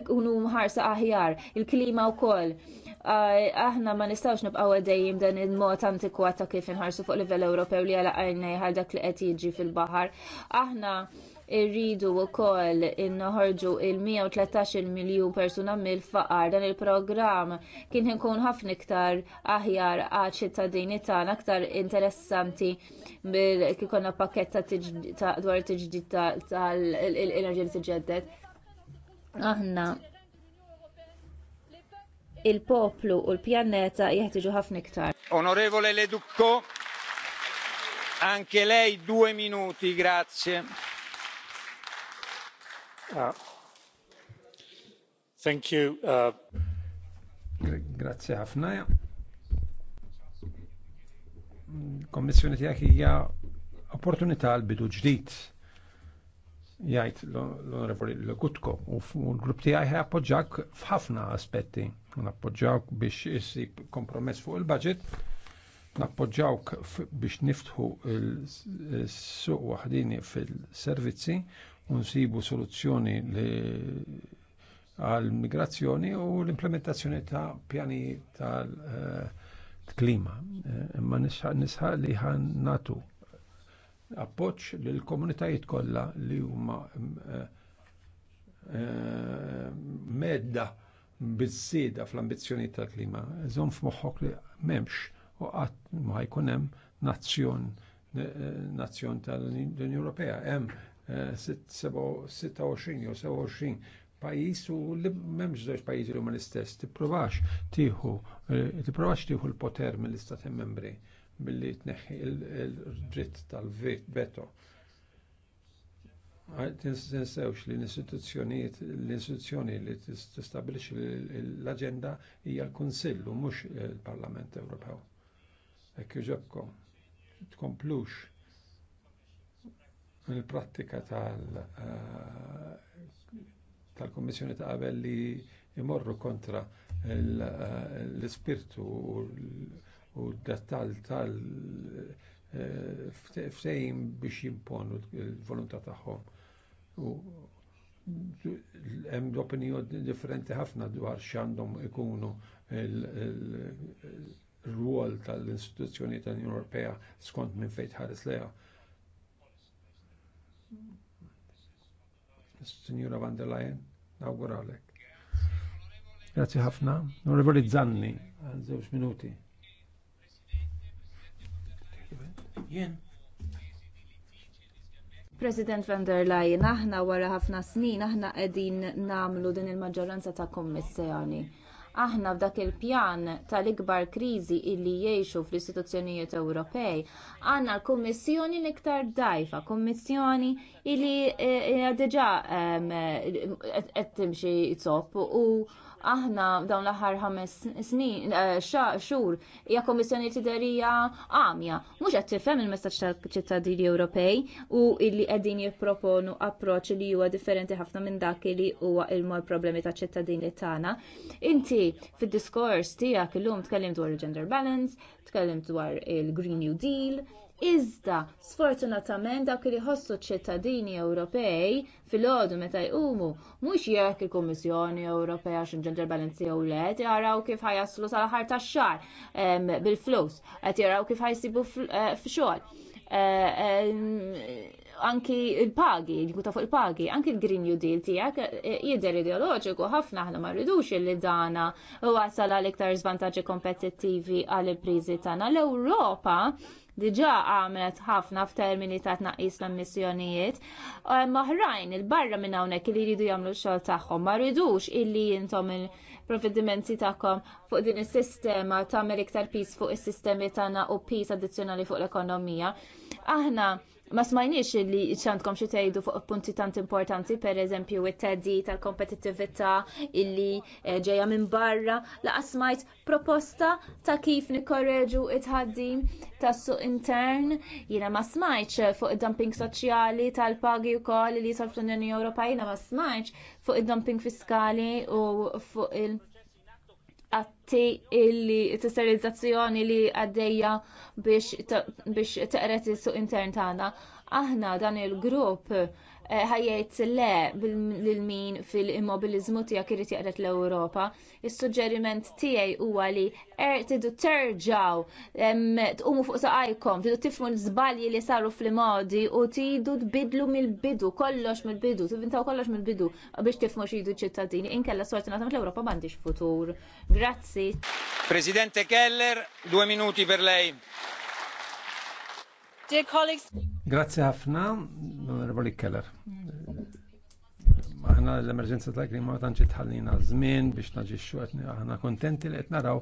ikunu mħarsa aħjar, il-klima wkoll. Aħna ma nistgħux nibqgħu għadajim dan il-mod antikwa ta' kif inħarsu fuq livell Ewropew li għala għajna jħal dak li qed jiġi fil-baħar. Aħna irridu wkoll innoħorġu il-113 miljun persuna mill-faqar dan il-programm kien inkun ħafna iktar aħjar għal ċittadini tagħna aktar interessanti bil kikonna pakketta dwar tiġdid tal enerġi li t-ġeddet aħna il-poplu u l-pjaneta jeħtiġu ħafna iktar. Onorevole Leducco, anke lei due minuti, grazie. Uh, thank you. Uh... Grazie ħafna. Mm, kommissjoni tiegħek hija opportunità għal bidu ġdid jgħid l-Onorevoli Gutko, u l-grupp tiegħi appoġġak f'ħafna aspetti. Nappoġġawk biex isib kompromess fuq il-budget, Nappoġġawk biex niftħu il suq waħdini fil-servizzi u nsibu soluzzjoni għal-migrazzjoni u l-implementazzjoni ta' pjani tal-klima. Eh, eh, imma nisħa li ħan natu appoġġ l komunitajiet kollha li huma eh, eh, medda bizzida fl-ambizzjoni tal-klima. Eżom f'moħħok li memx u qatt ma jkun hemm nazzjon eh, nazzjon tal-Unjoni Ewropea. Hemm 26 jew 27 pajis u li memx żewġ pajjiżi li huma l-istess. Tipprovax tieħu tipprovax tieħu l-poter mill-istati membri billi tneħħi il-dritt tal-veto. Tinsewx li l-istituzzjonijiet, l-istituzzjoni li tistabilixi l-agenda hija l-Kunsillu, mux il-Parlament Ewropew. Hekk jġobkom, tkomplux il-prattika eh, tal-Kommissjoni ta' qabel li imorru kontra l eh, spirtu u u d tal eh, ftejn biex jimponu il volontà tagħhom. Hemm opinjoni differenti ħafna dwar x'għandhom ikunu l-rwol tal-istituzzjoni tal-Unjoni Ewropea skont minn fejn tħares leha. Signora van der Leyen, nawguralek. Grazie ħafna. Onorevoli Zanni, għal minuti. Jien. President van der Leyen, aħna wara ħafna snin, aħna qegħdin nagħmlu din il-maġġoranza ta' kummissjoni. Aħna f'dak il-pjan tal-ikbar kriżi illi jgħixu fl-istituzzjonijiet Ewropej, għandna l-Kummissjoni l-iktar dajfa, Kummissjoni illi eh, eh, diġà ehm, eh, qed timxi u aħna dawn l-aħħar ħames snin eh, xhur hija kommissjoni tiderija għamja. Mhux qed tifhem il-messaġġ tal-ċittadini Ewropej u illi qegħdin jipproponu approċċ li huwa differenti ħafna minn dak li huwa l mod problemi taċ-ċittadini tagħna. Inti fid-diskors tiegħek illum tkellim dwar il-gender balance, tkellimt dwar il-Green New Deal, Iżda, sfortunatament dawk li ħossu ċittadini Ewropej fil-ħodu meta jqumu, mhux jekk il-Kummissjoni Ewropea x'inġenġel balenzi u let, jaraw kif ħajaslu sal-aħħar tax-xahar bil-flus, qed jaraw kif ħajsibu eh, f'xogħol eh, anki il-pagi, jikuta fuq il-pagi, anki il-Green New Deal tijak e, jider ideoloġiku ħafna ħna ma rridux li dana wasal għal iktar zvantaġġi kompetittivi għal il-prizi tagħna. L-Ewropa diġa għamlet ħafna f'termini ta' tnaqqis l-emissjonijiet. E, maħrajn il-barra minn hawnhekk li jridu jagħmlu x-xogħol tagħhom, ma rridux illi jintom il-provvedimenti tagħkom fuq din is-sistema tagħmel iktar pis fuq is-sistemi tagħna u pis addizzjonali fuq l-ekonomija. Aħna Ma smajniex li ċandkom xi tgħidu fuq punti tant importanti, per eżempju it-teddi tal-kompetittività illi eh, ġejja minn barra, laqas smajt proposta ta' kif nikkorreġu it-ħaddim tas-suq intern, jiena ma smajtx fuq id-dumping soċjali tal-pagi wkoll li jisal fl-Unjoni Ewropea, ma smajtx fuq id-dumping fiskali u fuq il- illi t sterilizzazzjoni li għaddejja biex teqret is-suq intern tagħna. Aħna dan il-grupp Eh, ħajjajt le lil-min fil-immobilizmu tijak irrit jaqret l-Ewropa. Is-suġġeriment tiegħi huwa li er- tidu terġaw, tqumu fuq saqajkom, tidu tifmu l-żbalji li saru fl-modi u tidu tbidlu mill-bidu, kollox mill-bidu, tivintaw kollox mill-bidu biex tifmu xidu ċittadini. Inkella sorti natam l europa m'għandix futur. Grazzi. Presidente Keller, due minuti per lei. Dear colleagues. Grazie ħafna, Onorevoli Keller aħna l-emerġenza tal-klima ma tantx tħallina żmien biex naġixxu qed aħna kontenti li qed naraw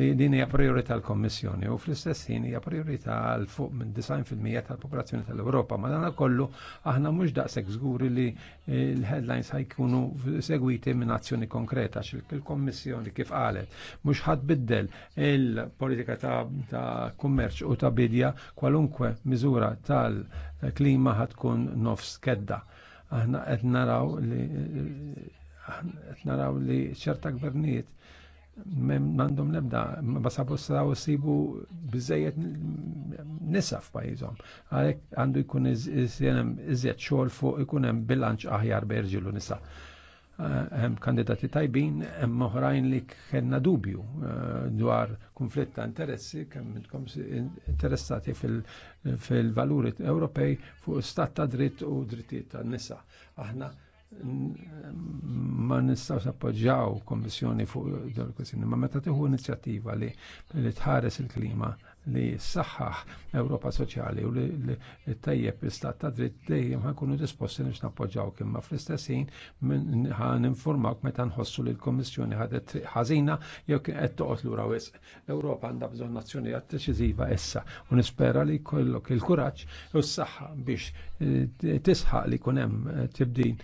li din hija priorità l-Kommissjoni u fl-istess ħin hija priorità l fuq minn 90% tal-popolazzjoni tal-Ewropa. Ma dan kollu aħna mhux daqshekk żguri li eh, l-headlines ħajkunu segwiti minn azzjoni konkreta x'il kommissjoni kif qalet mhux ħadd biddel il-politika ta' kummerċ u ta' bidja kwalunkwe miżura tal-klima ħatkun nofs kedda. Aħna qed naraw li qed naraw li ċerta gvernijiet m'għandhom nebda ma sabu saw sibu biżejjed nisa f'pajjiżhom. Għalhekk għandu jkun iżjed xogħol fuq ikun hemm bilanċ aħjar bejn u nisa. Eh, hemm kandidati tajbin, hemm oħrajn li kellna dubju eh, dwar konflitt ta' interessi kemm intkom interessati fil-valuri Ewropej fuq stat ta' dritt u drittijiet tan-nisa. Aħna ma nistgħu appoġġjaw kommissjoni fuq il kwestjoni, ma meta tieħu inizjattiva li tħares il-klima li s-saħħaħ Ewropa Soċjali u li tajjeb istat ta' dritt dejjem ħankunu disposti nix nappoġġaw kimma fl-istessin ħan informawk meta nħossu li l komissjoni ħadet ħażina jew qed toqgħod lura wisq. Ewropa għandha bżonn nazzjonijiet deċiżiva issa u nispera li jkollok il-kuraġġ u s-saħħa biex eh, tisħaq li jkun hemm eh, tibdin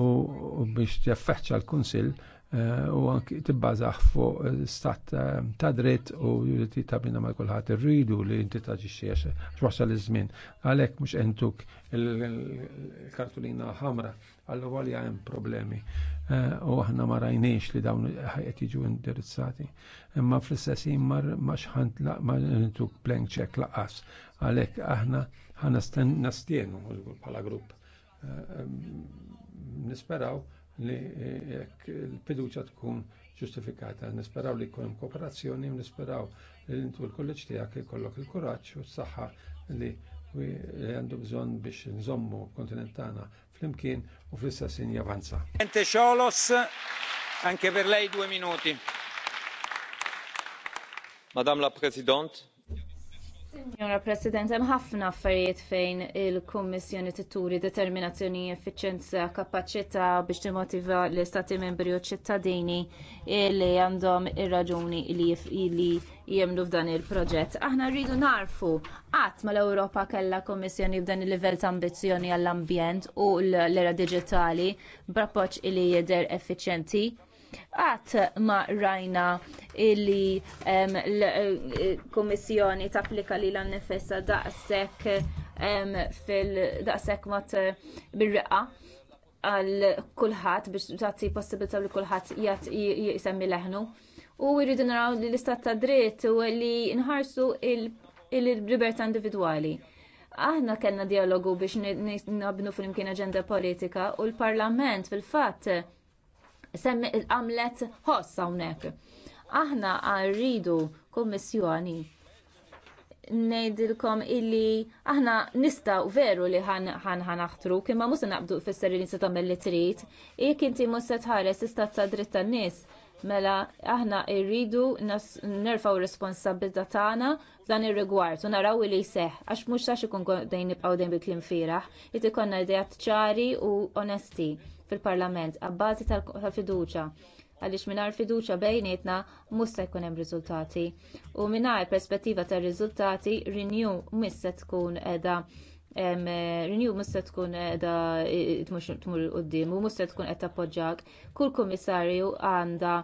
u biex jaffeċċa l-Kunsill Eh, u anki tibbażaħ fuq eh, stat eh, ta' dritt u li tablina ma' kulħadd irridu li inti ta' għax wasal iż-żmien. Għalhekk mhux entuk il-kartulina ħamra għallu għalja hemm problemi u aħna ma rajnex li dawn ħajet jiġu indirizzati. Imma fl-istessin ma xħant ma entuk blank check laqas. Għalhekk aħna ħana nastienu bħala grupp. Nisperaw li eh, l-fiduċa tkun ġustifikata. Nisperaw li kunem kooperazzjoni, nisperaw li l intu l-kolleġ tiegħek kollok il-kuraġġ u s saxħa li għandu bżon biex nżommu kontinentana fl-imkien u fl-istessin javanza. Ente Xolos, anke per lei due minuti. Madame la Presidente, Signora President, hemm ħafna affarijiet fejn il-Kummissjoni tituri determinazzjoni, effiċjenza, kapaċità biex timotiva l-Istati membri u ċittadini li għandhom ir-raġuni li jemlu f'dan il-proġett. Aħna rridu narfu qatt ma l-Ewropa kellha Kummissjoni b'dan il-livell ta' ambizzjoni għall-ambjent u l-era digitali b'rapproċċ li jidher effiċjenti Għat ma rajna illi l-Komissjoni eh, tapplika li l-annifessa daqsek fil-daqsek mat eh, bil-riqqa għal kulħadd biex tagħti possibilità li kulħadd jisemmi leħnu. U jridu naraw li l-istat ta' dritt u li nħarsu il-libertà individwali. Aħna kellna dialogu biex nabnu fl-imkien aġenda politika u l-Parlament fil-fatt semmi il-qamlet ħoss hawnhekk. Aħna rridu kummissjoni ngħidilkom illi aħna nistaw veru li ħan ħanaħtru kien ma musa naqbdu fisser li nista' tagħmel li trid, jekk inti musa tħares tista' ta' dritt tan-nies mela aħna rridu nerfaw responsabilità tagħna f'dan ir-rigward u naraw li jseħħ għax mhux għax ikun dejn nibqgħu dejn bi klim firaħ, jrid ikollna ċari u onesti fil-Parlament għabbażi tal-fiduċja għaliex mingħajr fiduċja bejnietna mhux se jkun hemm riżultati. U mingħajr perspettiva tar riżultati Renew mhux se tkun qiegħda Renew mhux se tkun qiegħda tmur quddiem u mhux se tkun qed tappoġġjak. Kull kummissarju għandha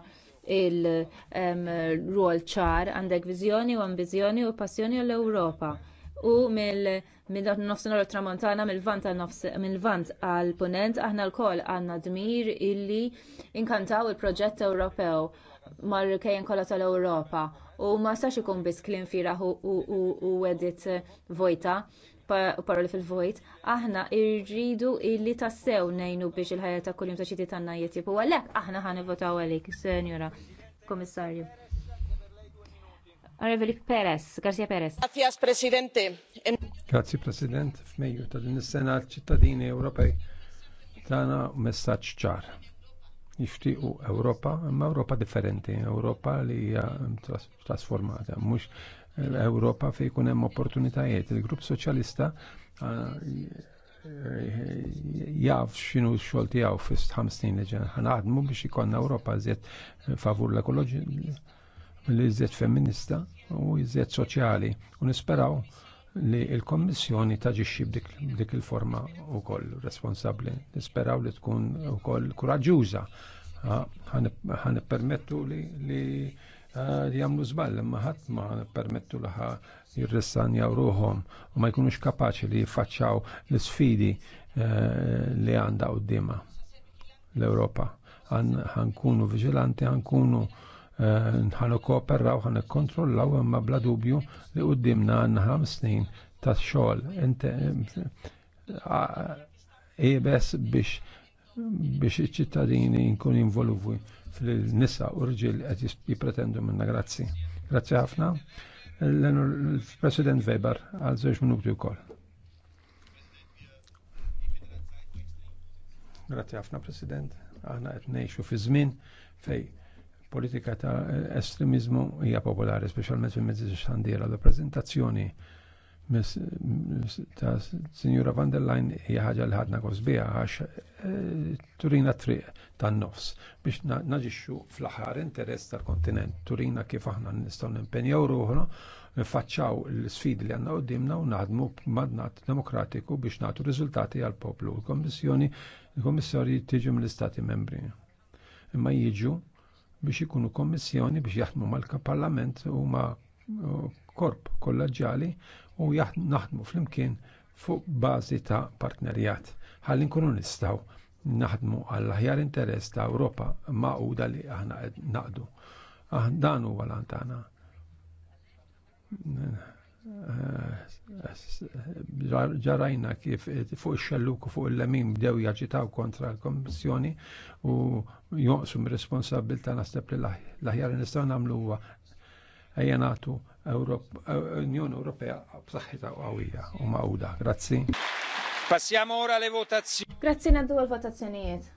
il-rol ċar għandek viżjoni u ambizjoni u passjoni għall-Ewropa u mill-nofsinhar tramontana mill-vant mill-vant għal punent aħna lkoll għandna dmir illi inkantaw il-proġett Ewropew mar-kejjen kollha tal-Ewropa u ma sax ikun biss kliem firaħ u wedit vojta paroli fil-vojt, aħna irridu illi tassew nejnu biex il-ħajja ta' kuljum ta' ċiti tanna jitib. U għalhekk aħna ħanivotaw għalik, senjora komissarju. Onorevoli Perez, Garcia Perez. Grazie, Presidente. Grazie, President. F'Mejju ta' din is-sena ċittadini Ewropej tagħna messaġġ ċar. Jixtiequ Ewropa, imma Ewropa differenti, Ewropa li hija trasformata, mhux Ewropa fejn ikun hemm opportunitajiet. Il-Grupp Soċjalista jaf xinu xol tijaw fis ħam snin li ġen ħanaħdmu biex ikonna Ewropa zjed favur l-ekoloġi li jizzet feminista u jizzet soċjali u nisperaw li l-Kommissjoni taġiċi b'dik il-forma wkoll responsabbli. Nisperaw li tkun koll kuraġġuża ħan permettu li jagħmlu żball ma ħadd ma permettu li ħa jirrissanjaw ruhom u ma jkunux kapaċi li jiffaċċaw l-sfidi eh, li għandha dima l-Ewropa. Ħankunu viġilanti, ħankunu nħanu eh, nħan kooperaw, ħan kontrollaw imma bla dubju li qudiemna għanna ħam snin ta' xogħol. Ebes eh, eh, biex biex iċ-ċittadini nkun involuvi fil-nisa u rġil għet jipretendu minna grazzi. Grazzi ħafna. L-President Weber għal żewġ minuti kol. Grazzi ħafna President. Aħna qed ngħixu fi żmien fejn politika ta' estremizmu hija popolari, speċjalment fil-mezzi xandiera. La prezentazzjoni ta' Sinjura van der Leyen hija ħaġa li ħadna kosbija għax eh, turina triq tan-nofs biex naġixxu fl-aħħar interess tal-kontinent. Turina kif aħna nistgħu nimpenjaw ruħna nfaċċaw l-sfidi li għandna qoddimna u naħdmu madnat demokratiku biex nagħtu riżultati għal poplu. Il-Kommissjoni, il-Kommissarji tiġu mill-Istati membri. Imma jiġu biex ikunu kommissjoni biex jaħdmu mal-parlament u ma korp kollaġġali u naħdmu flimkien fuq bażi ta' partnerjat. Ħalli nkunu nistgħu naħdmu għall-aħjar interess ta' Ewropa maquda li aħna naqdu. Ah, dan huwa l-antana ġarajna kif fuq il xelluk u fuq il-lemin bdew jaġitaw kontra l-Kommissjoni u joqsum responsabilta naħseb li l ħjar nistgħu nagħmlu huwa ejja Unjoni Ewropea b'saħħitha qawwija u mawda. Grazzi. Passiamo ora alle votazioni. Grazzi naddu għal votazzjonijiet.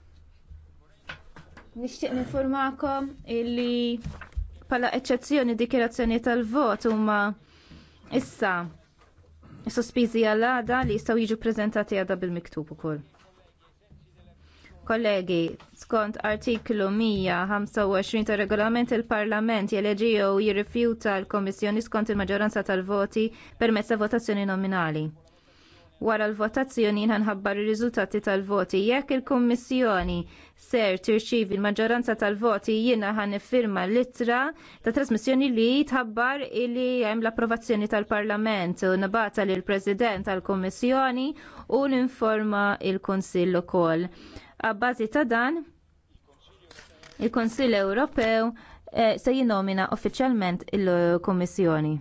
Nixtieq informakom illi pala eċċezzjoni dikjerazzjoni tal-vot huma Issa, sospiżi għal-għada li jistaw jiġu prezentati għada bil-miktub ukoll. Kollegi, skont artiklu 125 tar regolament il-Parlament jeleġi jew jirrifjuta l-Komissjoni skont il-maġġoranza tal-voti permezz ta' votazzjoni nominali. Wara l-votazzjoni ħanħabbar ir-riżultati tal-voti. Jekk il-Kummissjoni ser tirċievi l-maġġoranza tal-voti jiena ħan iffirma l-ittra ta' trasmissjoni li tħabbar li hemm l-approvazzjoni tal-Parlament u nabata lill president tal-Kummissjoni u ninforma il-Kunsill ukoll. Abbażi ta' dan, il-Kunsill Ewropew eh, se jinnomina uffiċjalment il-Kummissjoni.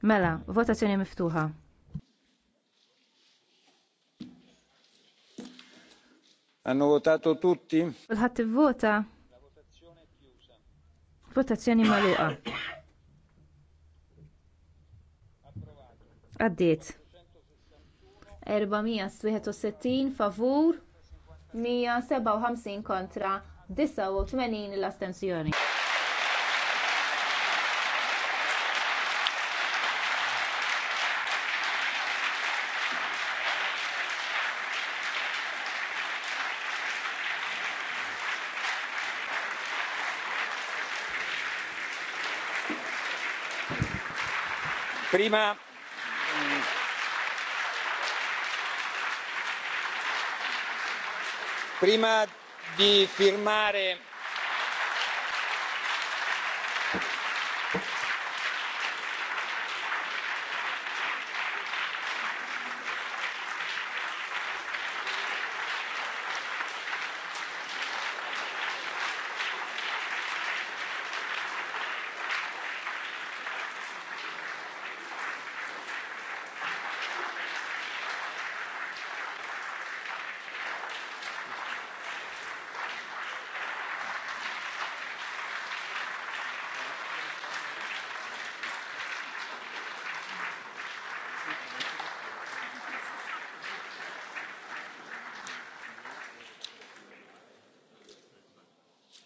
Mela, votazzjoni miftuħa. Hanno votato tutti? Kulħadd ivvota. Votazzjoni magħluqa. Għaddiet. 461 favur, 157 kontra, 89 l-astensjoni. prima prima di firmare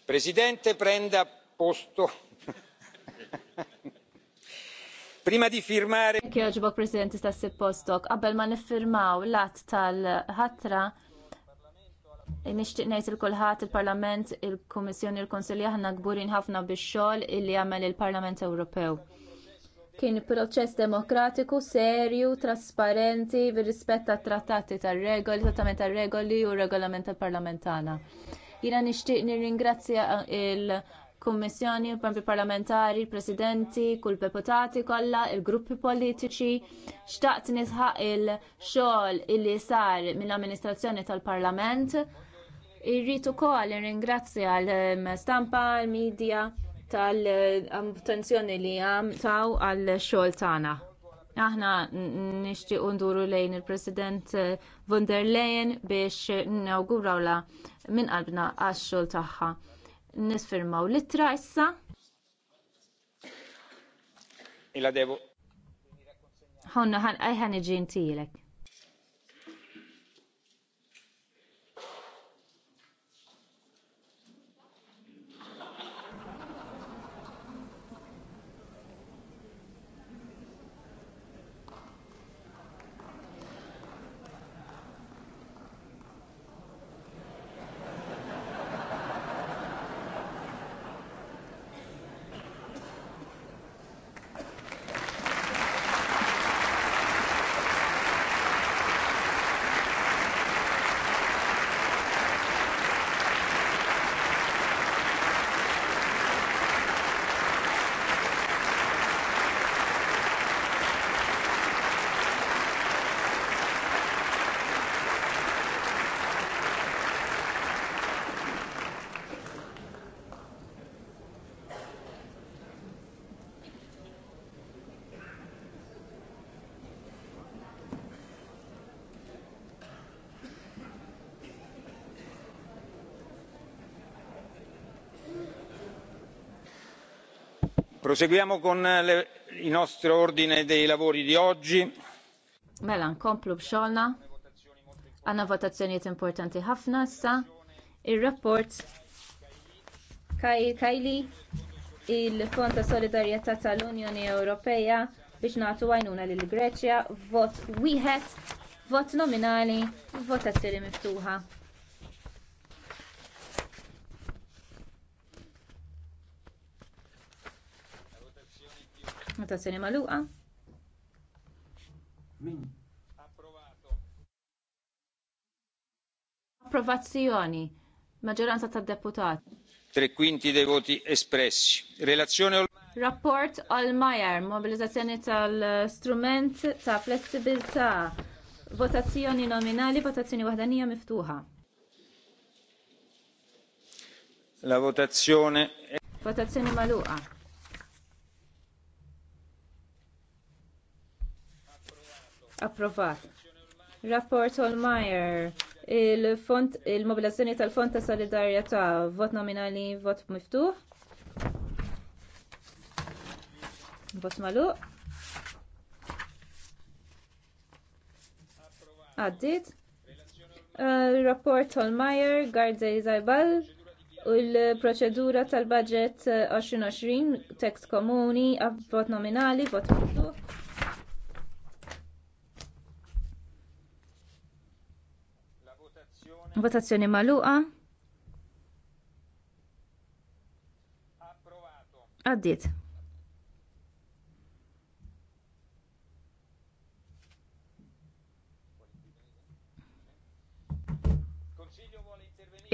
presidente prenda posto. prima di firmare. Kieġbok presidenti ta' postok qabel ma niffirmaw l-att tal-ħatra nixtieq ngħid il kulħadd il-Parlament, il-Kummissjoni, il-Konsilja aħna kburin ħafna bix-xogħol illi għamel il-Parlament Ewropew kien proċess demokratiku serju, trasparenti, bir-rispett tat-trattati tar-regoli, trattament tar-regoli u r regolament tal-parlamentana. Jiena nixtieq nirringrazzja eh, il- kummissjoni, pampi parlamentari, presidenti, kull deputati kollha, il-gruppi politiċi, xtaqt nisħaq il-xogħol illi sar mill-amministrazzjoni tal-Parlament. Irrid ukoll ringrazzja l-stampa, l-medja tal-attenzjoni li għam taw għal xogħol tagħna aħna nixtiequ nduru lejn il-President von der Leyen biex la minn qalbna għax-xogħol tagħha. Nisfirmaw litra issa. Illa Ħonna ħan iġi ntilek. Proseguiamo con eh, le, il nostro ordine dei lavori di oggi. Mela, nkomplu b'xogħolna. Għandna votazzjonijiet importanti ħafna issa. Ir-rapport Kajli il-Fond ta' Solidarjetà tal-Unjoni Ewropea biex nagħtu għajnuna lill Greċja vot wieħed, vot nominali, votazzjoni miftuħa. votazzjoni magħluqa. Approvazzjoni. Maġġoranza tad-deputati. Tre quinti dei voti espressi. Relazione Rapport Olmajer, mobilizzazzjoni tal-strument ta' flessibilità, votazzjoni nominali, votazzjoni wahdanija miftuħa. La votazione. Votazzjoni maluqa. Approvat. Rapport Holmeyer, il-fond il tal-Fond ta' Solidarjetà vot nominali vot miftuħ. Vot magħluq. Għaddit. Uh, rapport Holmeyer, Gardze Izajbal, u l-proċedura tal-budget 2020, uh, tekst komuni, vot nominali, vot miftuħ. Votazzjoni magħluqa. Għaddiet.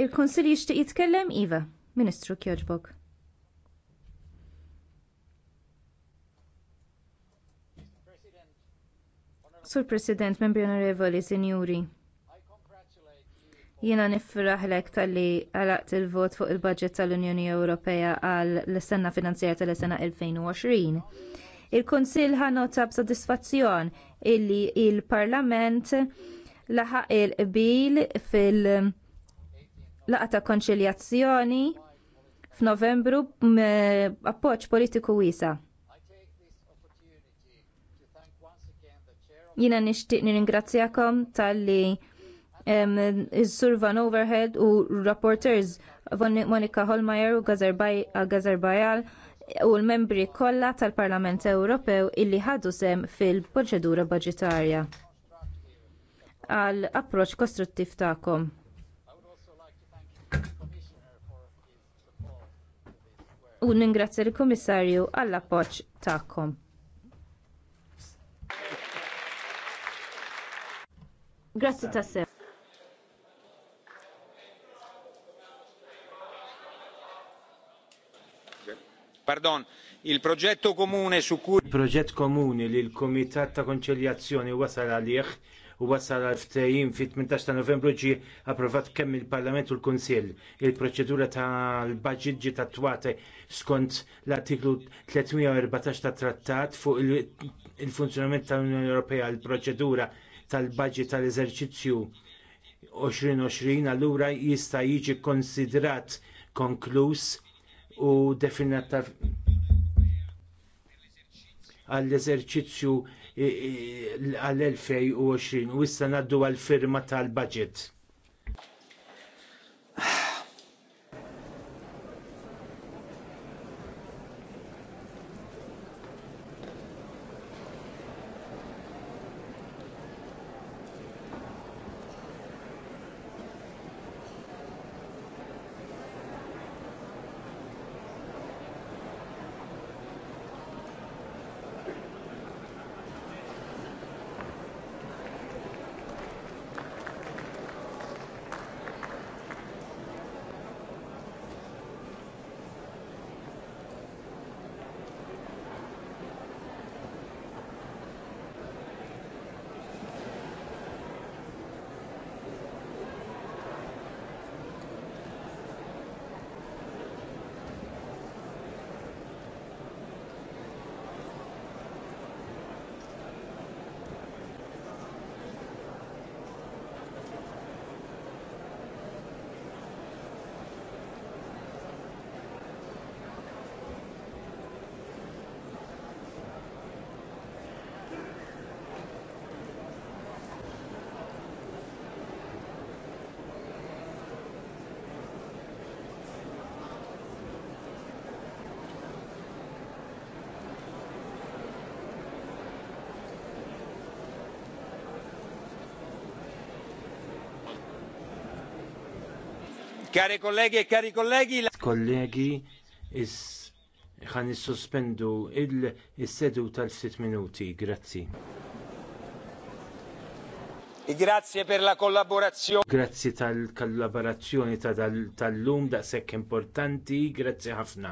Il-Konsil jixtieq jitkellem Iva, Ministru Kjoġbog. Sur President, membri onorevoli, sinjuri. Jiena nifraħlek tal-li għalaqt il-vot fuq il-budget tal-Unjoni Ewropea għal l-istenna finanzjera tal-sena 2020. Il-Kunsill nota b'sodisfazzjon illi il-Parlament laħaq il-qbil fil- laqgħa ta' konċiljazzjoni f'Novembru eh, appoġġ politiku wiesa. Jiena nixtieq nirringrazzjakom talli Sur Van Overhead u rapporters Monika Holmajer u Bajal u l-membri kollha tal-Parlament Ewropew illi ħadu sem fil-proċedura budgetarja għal approċċ kostruttiv tagħkom. U ningrazzja l-Kummissarju għall appoġġ tagħkom. Grazzi tassew. Pardon, il su cui il-proġett komuni li l-Kumitat ta' Konċiljazzjoni wasal għalih u wasal għal ftehim fit-18 ta' Novembru ġie approvat kemm il-Parlament u l-Kunsill. Il-proċedura tal-budget ġiet attwati skont l-artiklu 314 tat trattat fuq il-funzjonament tal-Unjoni Ewropea l-proċedura tal-budget tal-eżerċizzju 2020 allura jista' jiġi konsidrat konkluż u definita għall-eżerċizzju eh, eh, għall-2020 u issa ngħaddu għall-firma tal-budget. Kare kollegi kari kollegi. E kollegi, is ħan sospendu il-sedu tal-sit minuti. Grazzi. Grazie per la collaborazione. Grazzi tal-kollaborazzjoni tal-lum da sekk importanti, grazzi ħafna.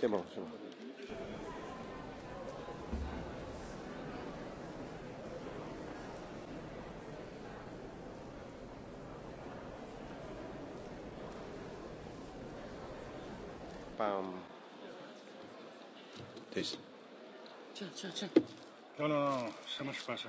C'est bon, c'est no Pam. no tiens, tiens. Non, No, non, ça marche pas, ça.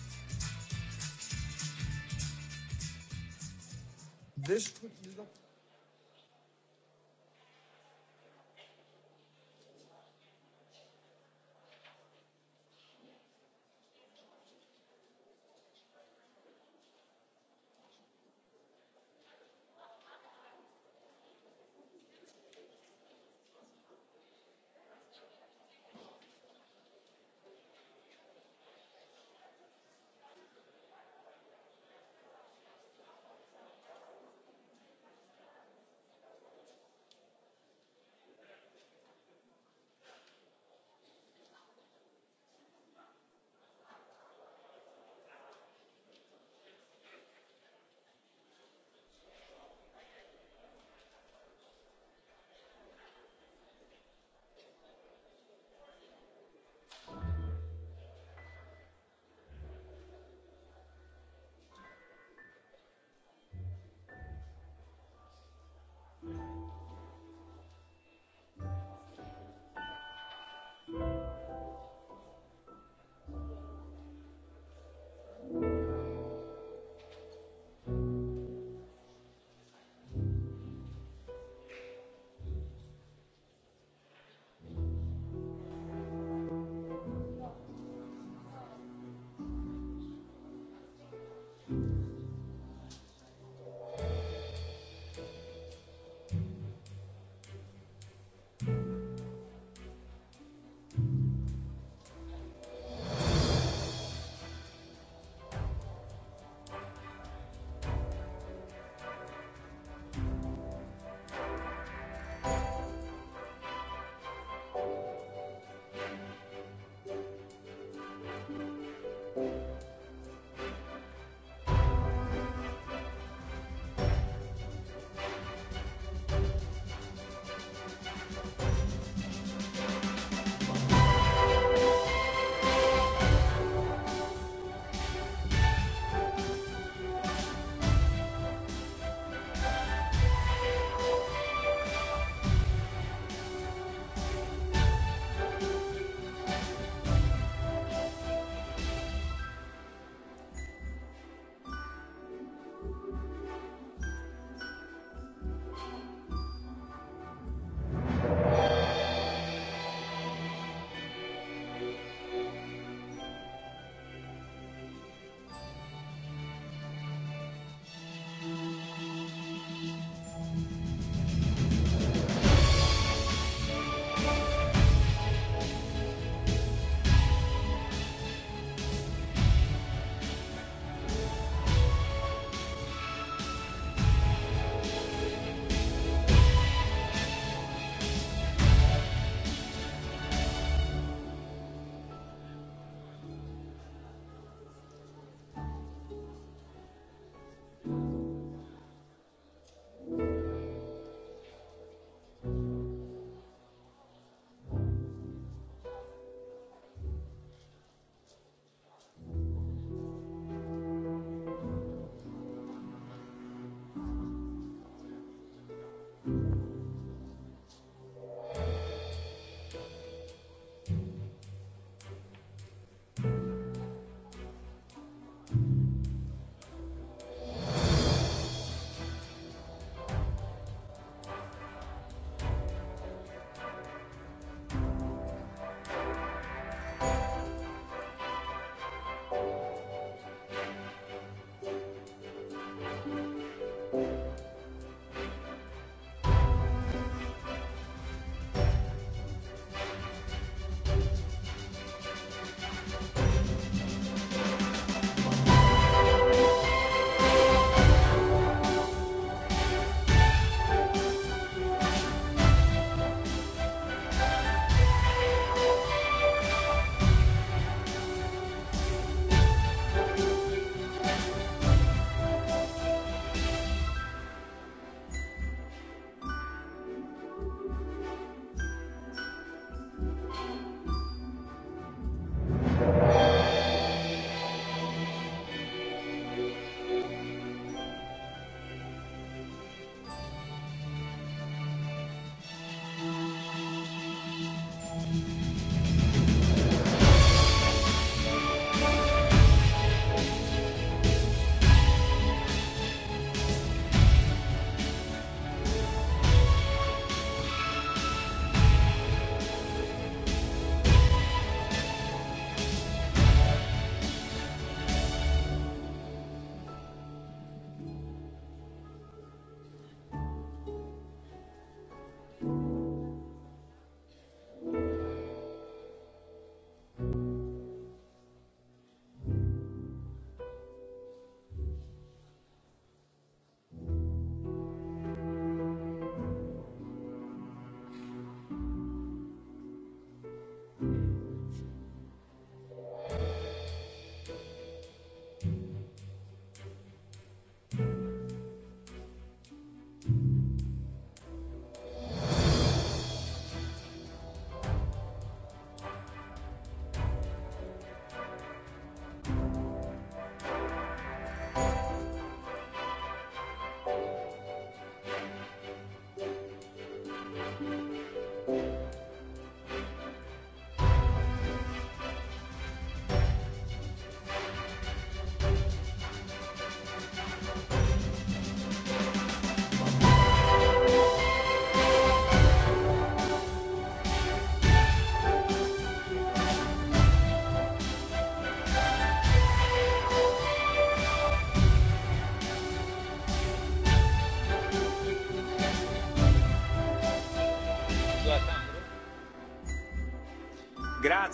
This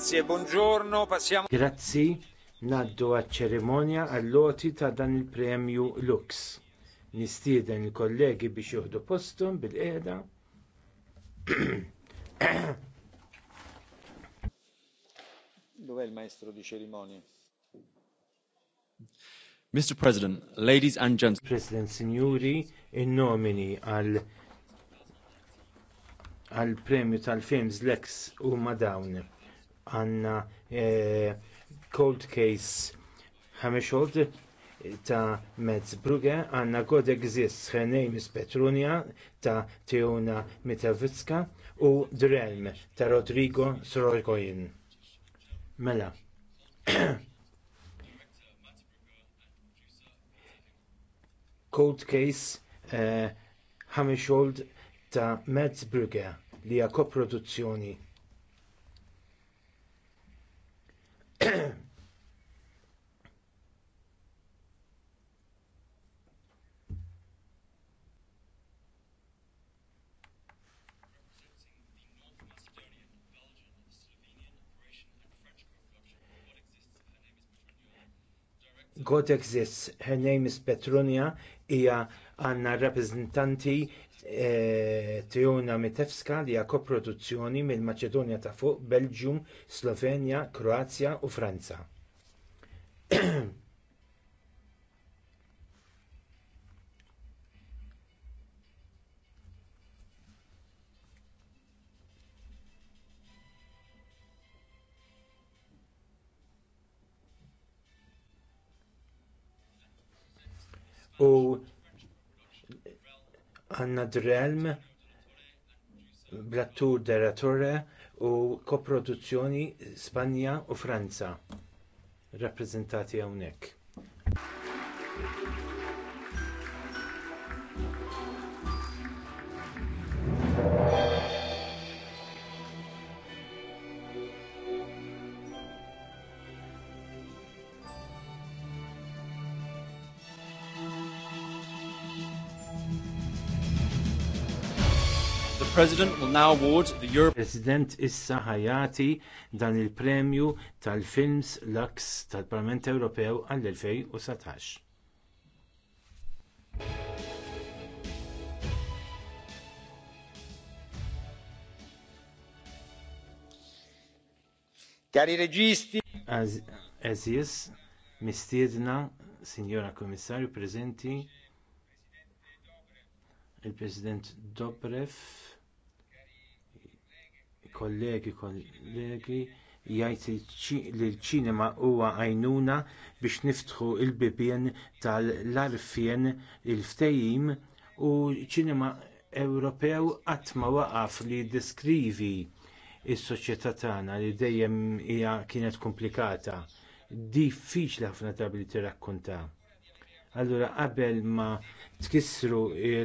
Grazie, buongiorno, passiamo. Grazzi, naddu għal-ċerimonja għall-loti ta' dan il-premju Lux. Nistieden il-kollegi biex juhdu postum bil-qeda. Dov'è il maestro di cerimonie? Mr. President, ladies and gentlemen. President, signori, in-nomini għal al premju tal-films Lex huma dawn għandna eh, cold case Hammershold ta' Metzbrugge għandna God Exists Rename Petrunia ta' Teona Mitavitska u Drelm ta' Rodrigo Sorokoin. Mela. Cold Case eh, ta' ta' Metzbrugge li hija koproduzzjoni God Exists, her name is Petronia, hija għandna r-rappreżentanti eh, Tejona Mitevska li hija mill-Maċedonja ta' fuq, Belġium, Slovenja, Kroazja u Franza. għandna Drelm bl-attur u koproduzzjoni Spanja u Franza rappreżentati hawnhekk. President will now award the Europe President issa ħajati dan il-premju tal-Films Lux tal-Parlament Ewropew għall-2017. Kari reġisti. Eżis, mistiedna, Signora Komissarju, prezenti, il-President Dobrev, kollegi kollegi jgħid li l-ċinema huwa għajnuna biex niftħu l bibien tal larfien il-ftejim u ċinema Ewropew qatt ma waqaf li deskrivi s soċjetà tagħna li dejjem hija kienet komplikata. Diffiċli ħafna drabi li tirrakkunta. Allura qabel ma tkissru